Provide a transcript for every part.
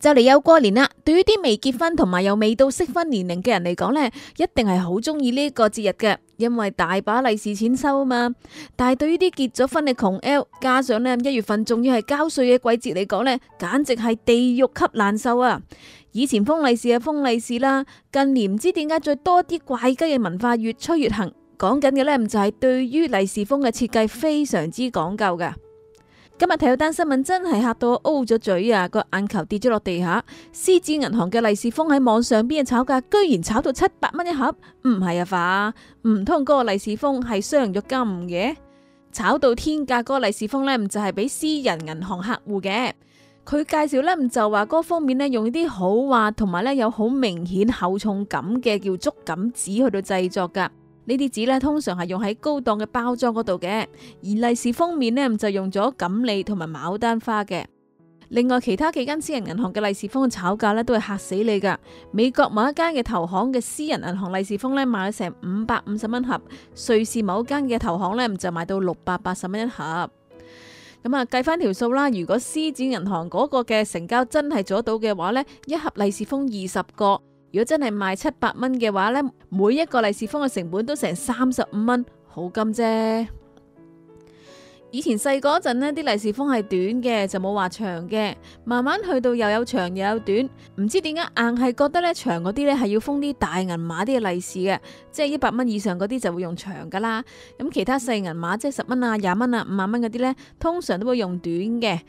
就嚟又過年啦，對於啲未結婚同埋又未到適婚年齡嘅人嚟講呢，一定係好中意呢個節日嘅，因為大把利是錢收啊嘛。但係對於啲結咗婚嘅窮 L，加上呢一月份仲要係交稅嘅季節嚟講呢，簡直係地獄級難受啊！以前封利是係封利是啦，近年唔知點解再多啲怪雞嘅文化越吹越行，講緊嘅呢，就係對於利是封嘅設計非常之講究嘅。今日睇到單新聞真係嚇到 O 咗嘴啊！個眼球跌咗落地下。私人銀行嘅利是封喺網上邊炒價，居然炒到七百蚊一盒。唔係啊，華，唔通嗰個利是封係鑲咗金嘅？炒到天價嗰個利是封呢，唔就係俾私人銀行客戶嘅？佢介紹呢，唔就話封面咧用啲好滑，同埋呢有好明顯厚重感嘅叫竹錦紙去到製作噶。呢啲紙咧通常係用喺高檔嘅包裝嗰度嘅，而利是封面呢就用咗錦鯉同埋牡丹花嘅。另外，其他幾間私人銀行嘅利是封嘅炒價咧都係嚇死你噶。美國某一間嘅投行嘅私人銀行利是封咧賣咗成五百五十蚊盒，瑞士某一間嘅投行咧就賣到六百八十蚊一盒。咁啊，計翻條數啦，如果獅子銀行嗰個嘅成交真係做得到嘅話呢，一盒利是封二十個。如果真係賣七百蚊嘅話呢，每一個利是封嘅成本都成三十五蚊，好金啫。以前細個嗰陣咧，啲利是封係短嘅，就冇話長嘅。慢慢去到又有長又有短，唔知點解硬係覺得呢長嗰啲呢係要封啲大銀碼啲利是嘅，即係一百蚊以上嗰啲就會用長噶啦。咁其他細銀碼，即係十蚊啊、廿蚊啊、五萬蚊嗰啲呢，通常都會用短嘅。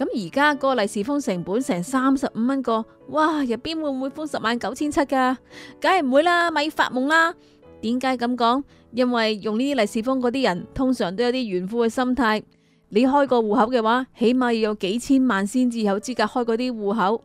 咁而家個利是封成本成三十五蚊個，哇！入邊會唔會封十萬九千七噶梗係唔會啦，咪發夢啦！點解咁講？因為用呢啲利是封嗰啲人，通常都有啲炫富嘅心態。你開個戶口嘅話，起碼要有幾千萬先至有資格開嗰啲戶口。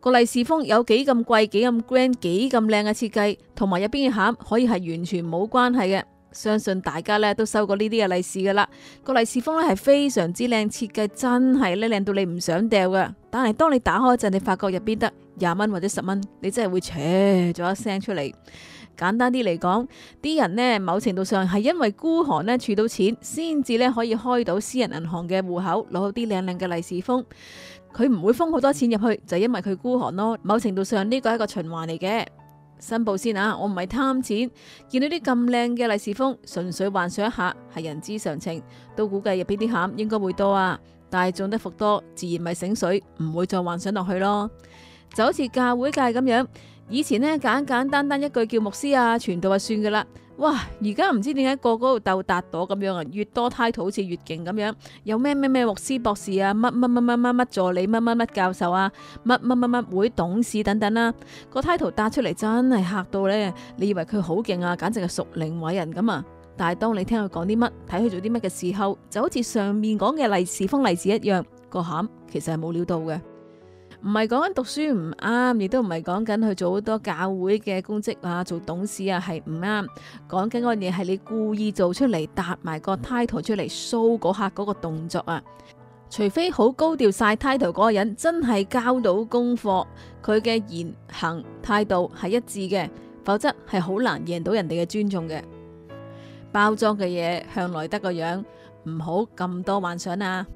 個利是封有幾咁貴、幾咁 grand、幾咁靚嘅設計，同埋入邊嘅餡可以係完全冇關係嘅。相信大家咧都收過呢啲嘅利是噶啦，個利是封咧係非常之靚設計，真係咧靚到你唔想掉嘅。但係當你打開陣，你發覺入邊得廿蚊或者十蚊，你真係會扯咗一聲出嚟。簡單啲嚟講，啲人呢某程度上係因為孤寒咧儲到錢，先至咧可以開到私人銀行嘅戶口，攞到啲靚靚嘅利是封。佢唔會封好多錢入去，就因為佢孤寒咯。某程度上呢個係一個循環嚟嘅。申報先啊！我唔係貪錢，見到啲咁靚嘅利是封，純粹幻想一下，係人之常情。都估計入邊啲餡應該會多啊！但係中得福多，自然咪醒水，唔會再幻想落去咯。就好似教會界咁樣，以前呢，簡簡單單一句叫牧師啊傳道啊算噶啦。哇！而家唔知點解個個都鬥達朵咁樣啊，越多 title 好似越勁咁樣，有咩咩咩學士、博士啊，乜乜乜乜乜乜助理、乜乜乜教授啊，乜乜乜乜會董事等等啦，個 title 達出嚟真係嚇到咧！你以為佢好勁啊，簡直係屬靈偉人咁啊，但係當你聽佢講啲乜，睇佢做啲乜嘅時候，就好似上面講嘅利是封利是一樣，個餡其實係冇料到嘅。唔係講緊讀書唔啱，亦都唔係講緊去做好多教會嘅公職啊，做董事啊係唔啱。講緊個嘢係你故意做出嚟搭埋個 title 出嚟 show 嗰刻嗰個動作啊。除非好高調晒 title 嗰個人真係交到功課，佢嘅言行態度係一致嘅，否則係好難贏到人哋嘅尊重嘅。包裝嘅嘢向來得個樣，唔好咁多幻想啊！